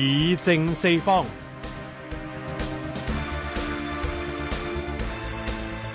議政四方。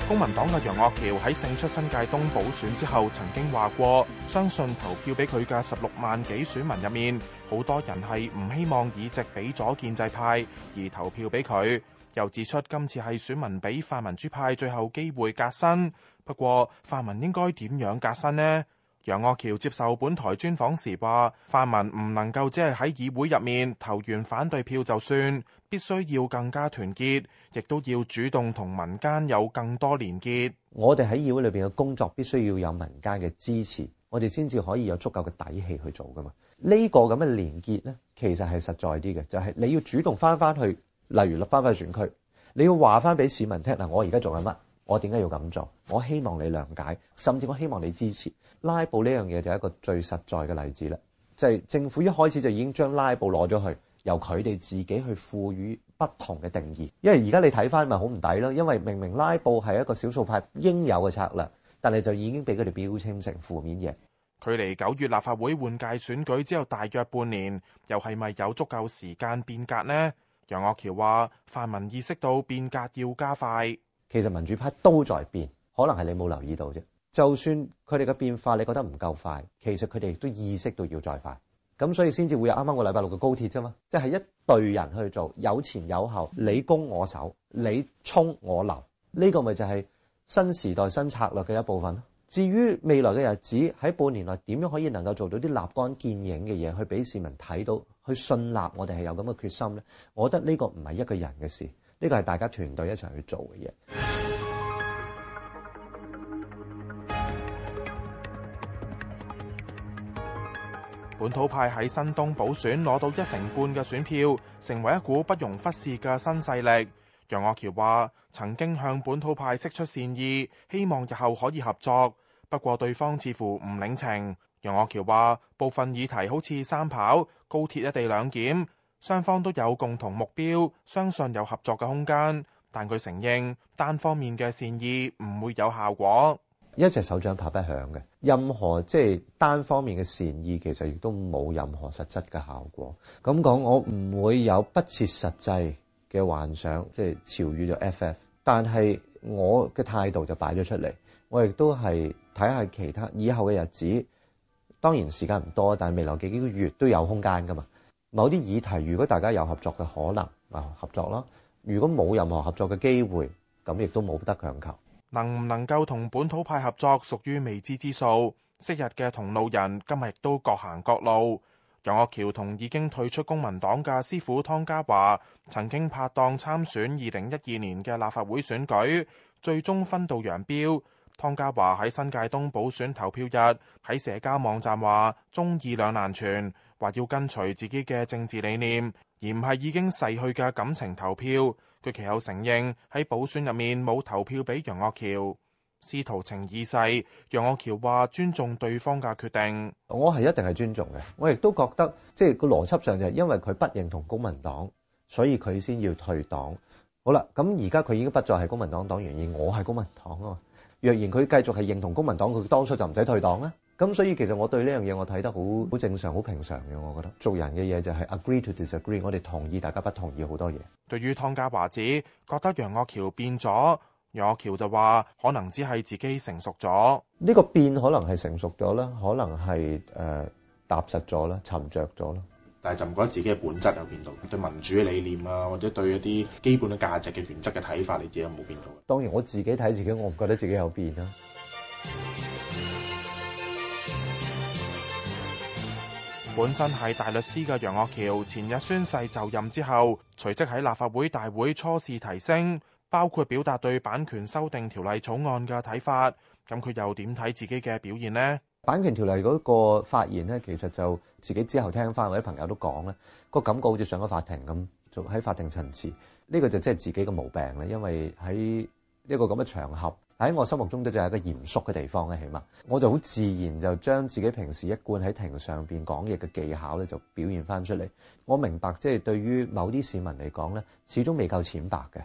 公民黨嘅楊岳橋喺勝出新界東補選之後曾經話過，相信投票俾佢嘅十六萬幾選民入面，好多人係唔希望議席俾咗建制派而投票俾佢。又指出今次係選民俾泛民主派最後機會革新，不過泛民應該點樣革新呢？楊岳橋接受本台專訪時話，泛民唔能夠只係喺議會入面投完反對票就算，必須要更加團結，亦都要主動同民間有更多連結。我哋喺議會裏邊嘅工作，必須要有民間嘅支持，我哋先至可以有足夠嘅底氣去做噶嘛。呢個咁嘅連結咧，其實係實在啲嘅，就係你要主動翻翻去，例如落翻翻去選區，你要話翻俾市民聽嗱，我而家做緊乜？我點解要咁做？我希望你諒解，甚至我希望你支持拉布呢樣嘢，就係一個最實在嘅例子啦。即係政府一開始就已經將拉布攞咗去，由佢哋自己去賦予不同嘅定義。因為而家你睇返咪好唔抵囉，因為明明拉布係一個少數派應有嘅策略，但係就已經畀佢哋標籤成負面嘢。距離九月立法會換屆選舉之後大約半年，又係咪有足夠時間變革呢？楊岳橋話，泛民意識到變革要加快。其實民主派都在變，可能係你冇留意到啫。就算佢哋嘅變化，你覺得唔夠快，其實佢哋都意識到要再快。咁所以先至會有啱啱個禮拜六嘅高鐵啫嘛，即係一隊人去做，有前有後，你攻我守，你衝我留，呢個咪就係新時代新策略嘅一部分咯。至於未來嘅日子喺半年內點樣可以能夠做到啲立竿見影嘅嘢，去俾市民睇到，去信納我哋係有咁嘅決心呢？我覺得呢個唔係一個人嘅事。呢個係大家團隊一齊去做嘅嘢。本土派喺新東補選攞到一成半嘅選票，成為一股不容忽視嘅新勢力。楊岳橋話：曾經向本土派釋出善意，希望日後可以合作，不過對方似乎唔領情。楊岳橋話：部分議題好似三跑、高鐵一地兩檢。雙方都有共同目標，相信有合作嘅空間，但佢承認單方面嘅善意唔會有效果。一隻手掌拍不響嘅，任何即係、就是、單方面嘅善意其實亦都冇任何實質嘅效果。咁講我唔會有不切實際嘅幻想，即係潮語就 FF。但係我嘅態度就擺咗出嚟，我亦都係睇下其他以後嘅日子。當然時間唔多，但係未來幾幾個月都有空間㗎嘛。某啲議題，如果大家有合作嘅可能，合作啦；如果冇任何合作嘅機會，咁亦都冇得強求。能唔能夠同本土派合作，屬於未知之數。昔日嘅同路人，今日亦都各行各路。楊岳橋同已經退出公民黨嘅師傅湯家驊，曾經拍檔參選二零一二年嘅立法會選舉，最終分道揚鑣。湯家華喺新界東補選投票日喺社交網站話忠義兩難全，話要跟隨自己嘅政治理念，而唔係已經逝去嘅感情投票。佢其後承認喺補選入面冇投票俾楊岳橋，司徒情意世，楊岳橋話尊重對方嘅決定，我係一定係尊重嘅。我亦都覺得即係個邏輯上就係因為佢不認同公民黨，所以佢先要退黨。好啦，咁而家佢已經不再係公民黨黨員，而我係公民黨啊。若然佢繼續係認同公民黨，佢當初就唔使退黨啦。咁所以其實我對呢樣嘢我睇得好好正常、好平常嘅。我覺得做人嘅嘢就係 agree to disagree，我哋同意大家不同意好多嘢。對於湯家華指覺得楊岳橋變咗，楊岳橋就話可能只係自己成熟咗，呢、這個變可能係成熟咗啦，可能係誒、呃、踏實咗啦，沉着咗啦。但係就唔覺得自己嘅本質有變到，對民主嘅理念啊，或者對一啲基本嘅價值嘅原則嘅睇法，你自己有冇變到？當然我自己睇自己，我唔覺得自己有變啦。本身係大律師嘅楊岳橋，前日宣誓就任之後，隨即喺立法會大會初試啼聲，包括表達對版權修訂條例草案嘅睇法。咁佢又點睇自己嘅表現呢？版權條例嗰個發言咧，其實就自己之後聽翻，或者朋友都講咧，個感覺好似上咗法庭咁，就喺法庭層次。呢個就即係自己嘅毛病啦，因為喺呢個咁嘅場合，喺我心目中都就係一個嚴肅嘅地方咧，起碼我就好自然就將自己平時一貫喺庭上面講嘢嘅技巧咧，就表現翻出嚟。我明白即係對於某啲市民嚟講咧，始終未夠淺白嘅。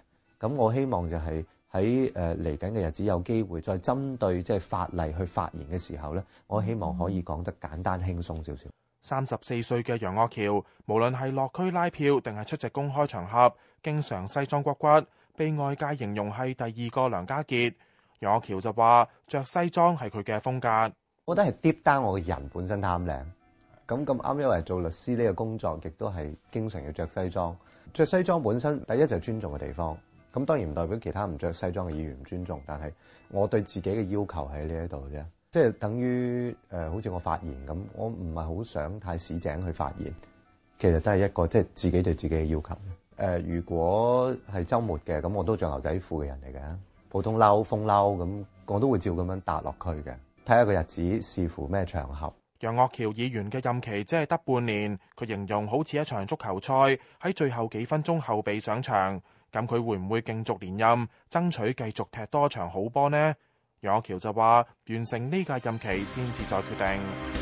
咁我希望就係，喺誒嚟緊嘅日子有機會再針對即係法例去發言嘅時候咧，我希望可以講得簡單輕鬆少少。三十四歲嘅楊岳橋，無論係落區拉票定係出席公開場合，經常西裝骨骨，被外界形容係第二個梁家傑。楊岳橋就話：着西裝係佢嘅風格。我覺得係 deep down 我嘅人本身貪靚。咁咁啱，因為做律師呢個工作，亦都係經常要着西裝。着西裝本身第一就係尊重嘅地方。咁當然唔代表其他唔着西裝嘅議員唔尊重，但係我對自己嘅要求喺呢一度啫，即係等於誒、呃，好似我發言咁，我唔係好想太市井去發言，其實都係一個即係自己對自己嘅要求。誒、呃，如果係週末嘅，咁我都着牛仔褲嘅人嚟嘅，普通褸、風褸咁，我都會照咁樣搭落去嘅，睇下個日子視乎咩場合。楊岳橋議員嘅任期即係得半年，佢形容好似一場足球賽喺最後幾分鐘後備上場。咁佢會唔會競逐連任，爭取繼續踢多場好波呢？楊岳橋就話，完成呢屆任期先至再決定。